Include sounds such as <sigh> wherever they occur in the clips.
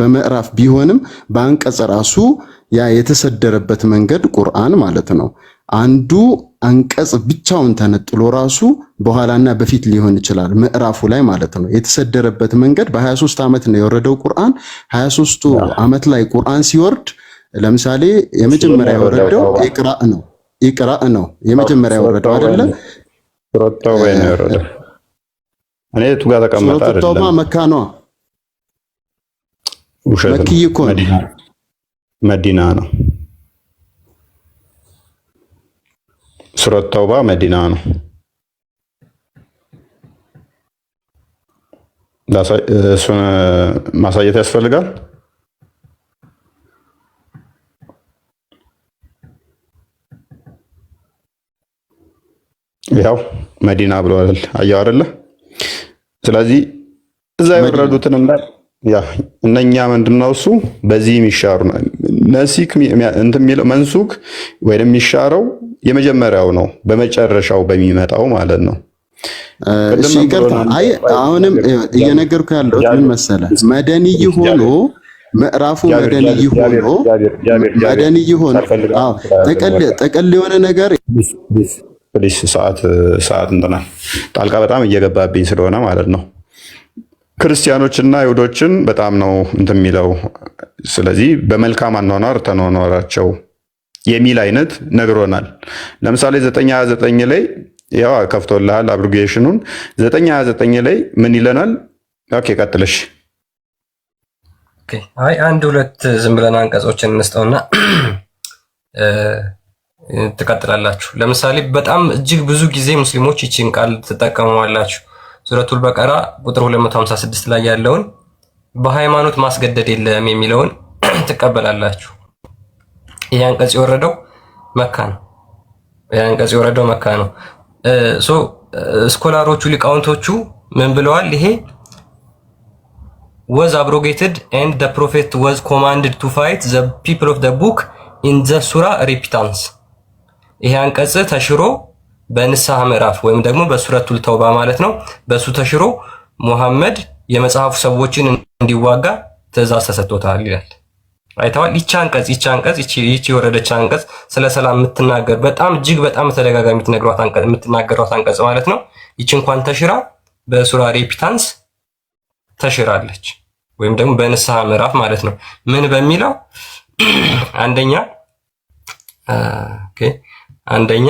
በምዕራፍ ቢሆንም በአንቀጽ ራሱ ያ የተሰደረበት መንገድ ቁርአን ማለት ነው። አንዱ አንቀጽ ብቻውን ተነጥሎ ራሱ በኋላና በፊት ሊሆን ይችላል ምዕራፉ ላይ ማለት ነው። የተሰደረበት መንገድ በ23 ዓመት ነው የወረደው ቁርአን። 23ቱ ዓመት ላይ ቁርአን ሲወርድ ለምሳሌ የመጀመሪያ የወረደው ኢቅራእ ነው። ኢቅራእ ነው የመጀመሪያ የወረደው አይደለ? እኔ የቱ ጋር ተቀመጠ አይደለም። ተውባ መካ ነው፣ ውሸት ነው። መዲና ነው። ሱረት ተውባ መዲና ነው። እሱን ማሳየት ያስፈልጋል። ያው መዲና ብለዋል። አየው አይደለ? ስለዚህ እዛ የወረዱትን እንዳል ያ እነኛ ምንድነው እሱ በዚህ የሚሻሩ ነሲክ እንትን የሚለው መንሱክ ወይም የሚሻረው የመጀመሪያው ነው፣ በመጨረሻው በሚመጣው ማለት ነው። እሺ ይቅርታ። አይ አሁንም እየነገርኩ ያለሁት ምን መሰለ፣ መደንይ ሆኖ ምዕራፉ መደንይ ሆኖ መደንይ ሆኖ ጥቅል የሆነ ነገር ፕሊስ ሰዓት ሰዓት እንትና ጣልቃ በጣም እየገባብኝ ስለሆነ ማለት ነው። ክርስቲያኖችና ይሁዶችን በጣም ነው እንትን የሚለው። ስለዚህ በመልካም አኗኗር ተኗኗራቸው የሚል አይነት ነግሮናል። ለምሳሌ 929 ላይ ያው ከፍቶልሃል አብሪጌሽኑን 929 ላይ ምን ይለናል? ኦኬ ቀጥለሽ። አይ አንድ ሁለት ዝም ብለን አንቀጾችን እንስጠውና <clears throat> ትቀጥላላችሁ። ለምሳሌ በጣም እጅግ ብዙ ጊዜ ሙስሊሞች ይችን ቃል ትጠቀመዋላችሁ። ሱረቱል በቀራ ቁጥር 256 ላይ ያለውን በሃይማኖት ማስገደድ የለም የሚለውን <clears throat> ትቀበላላችሁ። ይህ አንቀጽ የወረደው መካ ነው። ይህ አንቀጽ የወረደው መካ ነው። ሶ ስኮላሮቹ ሊቃውንቶቹ ምን ብለዋል? ይሄ ወዝ አብሮጌትድ ኤንድ ፕሮፌት ወዝ ኮማንድድ ቱ ፋይት ዘ ፒፕል ኦፍ ቡክ ኢን ዘ ሱራ ሪፒታንስ ይሄ አንቀጽ ተሽሮ በንስሐ ምዕራፍ ወይም ደግሞ በሱረቱል ተውባ ማለት ነው። በሱ ተሽሮ ሙሐመድ የመጽሐፉ ሰዎችን እንዲዋጋ ትእዛዝ ተሰጥቶታል ይላል። አይተዋል። ይቺ አንቀጽ ይቺ አንቀጽ ይቺ የወረደች አንቀጽ ስለ ሰላም የምትናገር በጣም እጅግ በጣም ተደጋጋሚ የምትናገሯት አንቀጽ ማለት ነው። ይቺ እንኳን ተሽራ በሱራ ሬፒታንስ ተሽራለች ወይም ደግሞ በንስሐ ምዕራፍ ማለት ነው። ምን በሚለው <clears throat> አንደኛ ኦኬ አንደኛ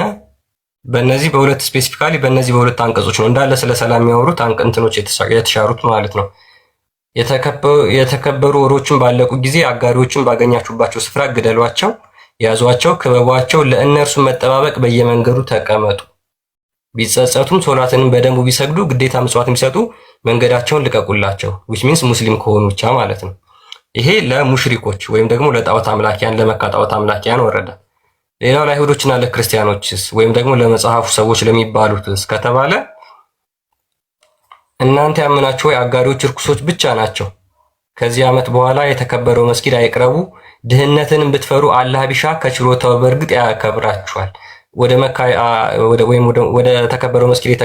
በእነዚህ በሁለት ስፔሲፊካሊ በእነዚህ በሁለት አንቀጾች ነው እንዳለ ስለ ሰላም የሚያወሩት አንቅንትኖች የተሻሩት ማለት ነው። የተከበሩ ወሮችን ባለቁ ጊዜ አጋሪዎችን ባገኛችሁባቸው ስፍራ ግደሏቸው፣ ያዟቸው፣ ክበቧቸው፣ ለእነርሱ መጠባበቅ በየመንገዱ ተቀመጡ። ቢጸጸቱም ሶላትንም በደንቡ ቢሰግዱ ግዴታ ምጽዋት ቢሰጡ መንገዳቸውን ልቀቁላቸው። ዊች ሚንስ ሙስሊም ከሆኑ ብቻ ማለት ነው። ይሄ ለሙሽሪኮች ወይም ደግሞ ለጣዖት አምላኪያን ለመካ ጣዖት አምላኪያን ወረደ። ሌላው ለአይሁዶችና ለክርስቲያኖችስ ወይም ደግሞ ለመጽሐፉ ሰዎች ለሚባሉትስ ከተባለ እናንተ ያምናችሁ ወይ አጋሪዎች እርኩሶች ብቻ ናቸው። ከዚህ ዓመት በኋላ የተከበረው መስጊድ አይቅረቡ። ድህነትን ብትፈሩ አላህ ቢሻ ከችሎታው በእርግጥ ያከብራችኋል። ወደ መካ ወይም ወደ ተከበረው መስጊድ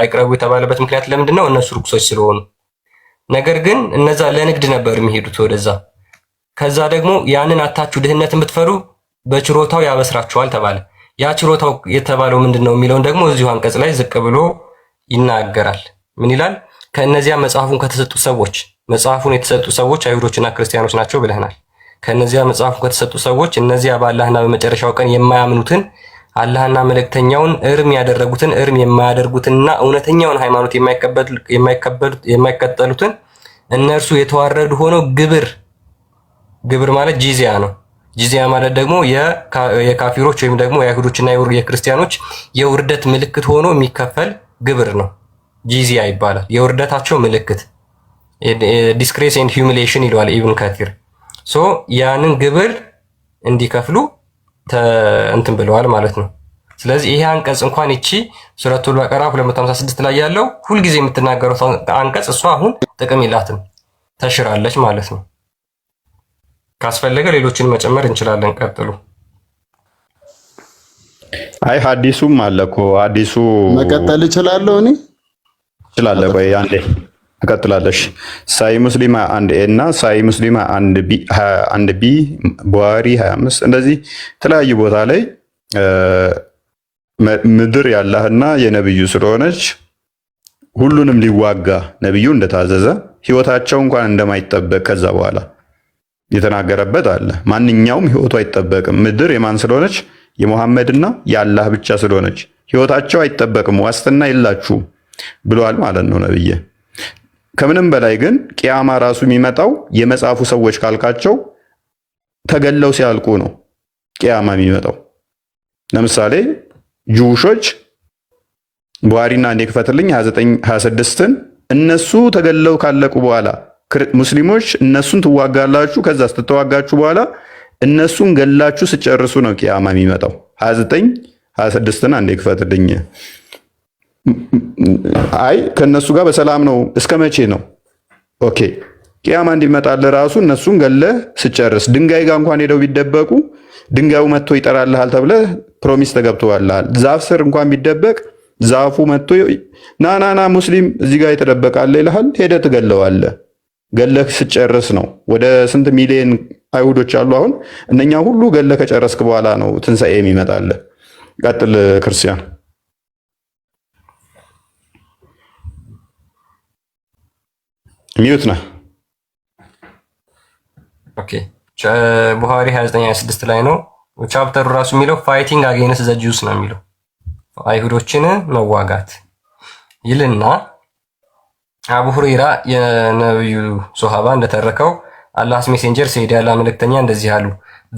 አይቅረቡ የተባለበት ምክንያት ለምንድን ነው? እነሱ ርኩሶች ስለሆኑ። ነገር ግን እነዛ ለንግድ ነበር የሚሄዱት ወደዛ። ከዛ ደግሞ ያንን አታችሁ ድህነትን ብትፈሩ በችሮታው ያበስራችኋል ተባለ። ያ ችሮታው የተባለው ምንድን ነው የሚለውን ደግሞ እዚሁ አንቀጽ ላይ ዝቅ ብሎ ይናገራል። ምን ይላል? ከእነዚያ መጽሐፉን ከተሰጡ ሰዎች መጽሐፉን የተሰጡ ሰዎች አይሁዶችና ክርስቲያኖች ናቸው ብለህናል። ከእነዚያ መጽሐፉን ከተሰጡ ሰዎች እነዚያ በአላህና በመጨረሻው ቀን የማያምኑትን አላህና መልእክተኛውን እርም ያደረጉትን እርም የማያደርጉትንና እውነተኛውን ሃይማኖት የማይከተሉትን እነርሱ የተዋረዱ ሆነው ግብር ግብር ማለት ጂዚያ ነው ጂዚያ ማለት ደግሞ የካፊሮች ወይም ደግሞ የአይሁዶችና የክርስቲያኖች የውርደት ምልክት ሆኖ የሚከፈል ግብር ነው። ጂዚያ ይባላል። የውርደታቸው ምልክት ዲስክሬስ ኤንድ ሂዩሚሌሽን ይለዋል ኢብን ከቲር። ሶ ያንን ግብር እንዲከፍሉ እንትን ብለዋል ማለት ነው። ስለዚህ ይሄ አንቀጽ እንኳን ይቺ ሱረቱል በቀራ 256 ላይ ያለው ሁልጊዜ የምትናገረው አንቀጽ እሷ አሁን ጥቅም ይላትም ተሽራለች ማለት ነው። ካስፈለገ ሌሎችን መጨመር እንችላለን። ቀጥሉ። አይ ሀዲሱም አለ እኮ ሀዲሱ መቀጠል እችላለሁ እኔ እችላለሁ። ቆይ አንዴ ትቀጥላለሽ። ሳይ ሙስሊማ አንድ ኤ እና ሳይ ሙስሊማ አንድ ቢ አንድ ቢ ቡሃሪ 25 እንደዚህ የተለያዩ ቦታ ላይ ምድር ያላህና የነብዩ ስለሆነች ሁሉንም ሊዋጋ ነብዩ እንደታዘዘ ህይወታቸው እንኳን እንደማይጠበቅ ከዛ በኋላ የተናገረበት አለ። ማንኛውም ህይወቱ አይጠበቅም። ምድር የማን ስለሆነች? የሙሐመድና የአላህ ብቻ ስለሆነች ህይወታቸው አይጠበቅም። ዋስትና የላችሁም ብለዋል ማለት ነው ነብዬ። ከምንም በላይ ግን ቂያማ ራሱ የሚመጣው የመጽሐፉ ሰዎች ካልካቸው ተገለው ሲያልቁ ነው ቂያማ የሚመጣው። ለምሳሌ ጅውሾች ቡሃሪና እንዴ ክፈትልኝ 29 26ን እነሱ ተገለው ካለቁ በኋላ ሙስሊሞች እነሱን ትዋጋላችሁ። ከዛ ስትተዋጋችሁ በኋላ እነሱን ገላችሁ ስጨርሱ ነው ቅያማ የሚመጣው። 29 26ና አንዴ ክፈትልኝ። አይ ከእነሱ ጋር በሰላም ነው እስከ መቼ ነው? ኦኬ ቂያማ እንዲመጣልህ ራሱ እነሱን ገለህ ስጨርስ ድንጋይ ጋር እንኳን ሄደው ቢደበቁ ድንጋዩ መጥቶ ይጠራልሃል ተብለ ፕሮሚስ ተገብቶልሃል። ዛፍ ስር እንኳን ቢደበቅ ዛፉ መጥቶ ናናና ሙስሊም እዚህ ጋር የተደበቃለ ይልሃል። ሄደ ትገለዋለህ። ገለክ ስጨርስ ነው። ወደ ስንት ሚሊዮን አይሁዶች አሉ። አሁን እነኛ ሁሉ ገለ ከጨረስክ በኋላ ነው ትንሣኤ የሚመጣለ። ቀጥል ክርስቲያን ሚዩት ነህ። ቡሃሪ 2926 ላይ ነው ቻፕተሩ ራሱ የሚለው ፋይቲንግ አጌንስ ዘ ነው የሚለው አይሁዶችን መዋጋት ይልና አቡ ሁረይራ የነብዩ ሶሃባ እንደተረከው አላህስ ሜሴንጀር ሰይድ ያለ መልእክተኛ እንደዚህ አሉ።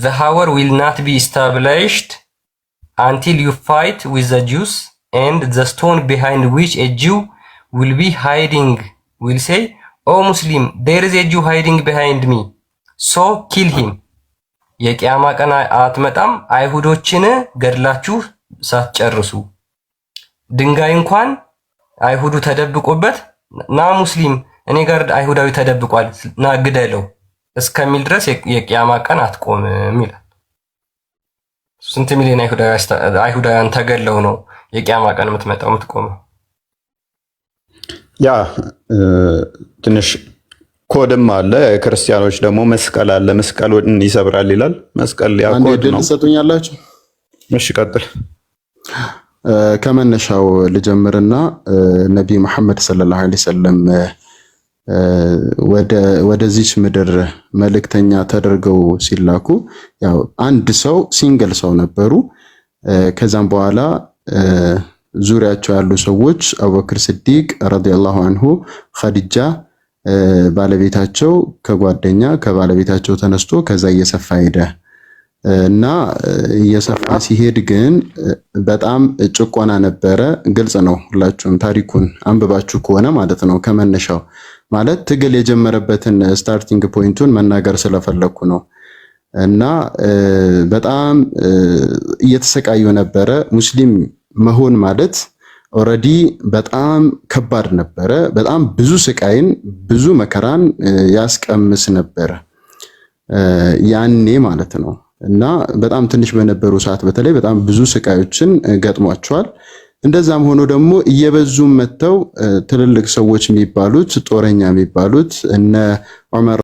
ዘ ሃወር ዊል ናት ቢ ኢስታብላይሽድ አንቲል ዩ ፋይት ዊዝ ዘ ጁስ ኤንድ ዘ ስቶን ቢሃይንድ ዊች ኤ ዊል ቢ ሃይዲንግ ዊል ሴይ ኦ ሙስሊም ዴር ኢዝ ኤ ሃይዲንግ ቢሃይንድ ሚ ሶ ኪል ሂም። የቂያማ ቀን አትመጣም አይሁዶችን ገድላችሁ ሳትጨርሱ ድንጋይ እንኳን አይሁዱ ተደብቆበት ና ሙስሊም እኔ ጋር አይሁዳዊ ተደብቋል ና ግደለው እስከሚል ድረስ የቅያማ ቀን አትቆምም ይላል። ስንት ሚሊዮን አይሁዳውያን ተገለው ነው የቅያማ ቀን የምትመጣው የምትቆመው? ያ ትንሽ ኮድም አለ። ክርስቲያኖች ደግሞ መስቀል አለ፣ መስቀልን ይሰብራል ይላል። መስቀል ያ ኮድ ነው። ሰጡኛላችሁ። እሺ ቀጥል። ከመነሻው ልጀምርና ነቢይ መሐመድ ሰለላሁ ዐለይሂ ወሰለም ወደዚች ምድር መልእክተኛ ተደርገው ሲላኩ ያው አንድ ሰው ሲንግል ሰው ነበሩ። ከዛም በኋላ ዙሪያቸው ያሉ ሰዎች አቡበክር ስዲቅ ረዲየላሁ አንሁ፣ ኸዲጃ ባለቤታቸው ከጓደኛ ከባለቤታቸው ተነስቶ ከዛ እየሰፋ ሄደ። እና እየሰፋ ሲሄድ ግን በጣም ጭቆና ነበረ። ግልጽ ነው፣ ሁላችሁም ታሪኩን አንብባችሁ ከሆነ ማለት ነው። ከመነሻው ማለት ትግል የጀመረበትን ስታርቲንግ ፖይንቱን መናገር ስለፈለኩ ነው። እና በጣም እየተሰቃዩ ነበረ። ሙስሊም መሆን ማለት ኦልሬዲ በጣም ከባድ ነበረ። በጣም ብዙ ስቃይን ብዙ መከራን ያስቀምስ ነበረ ያኔ ማለት ነው። እና በጣም ትንሽ በነበሩ ሰዓት በተለይ በጣም ብዙ ስቃዮችን ገጥሟቸዋል። እንደዛም ሆኖ ደግሞ እየበዙም መጥተው ትልልቅ ሰዎች የሚባሉት ጦረኛ የሚባሉት እነ ዑመር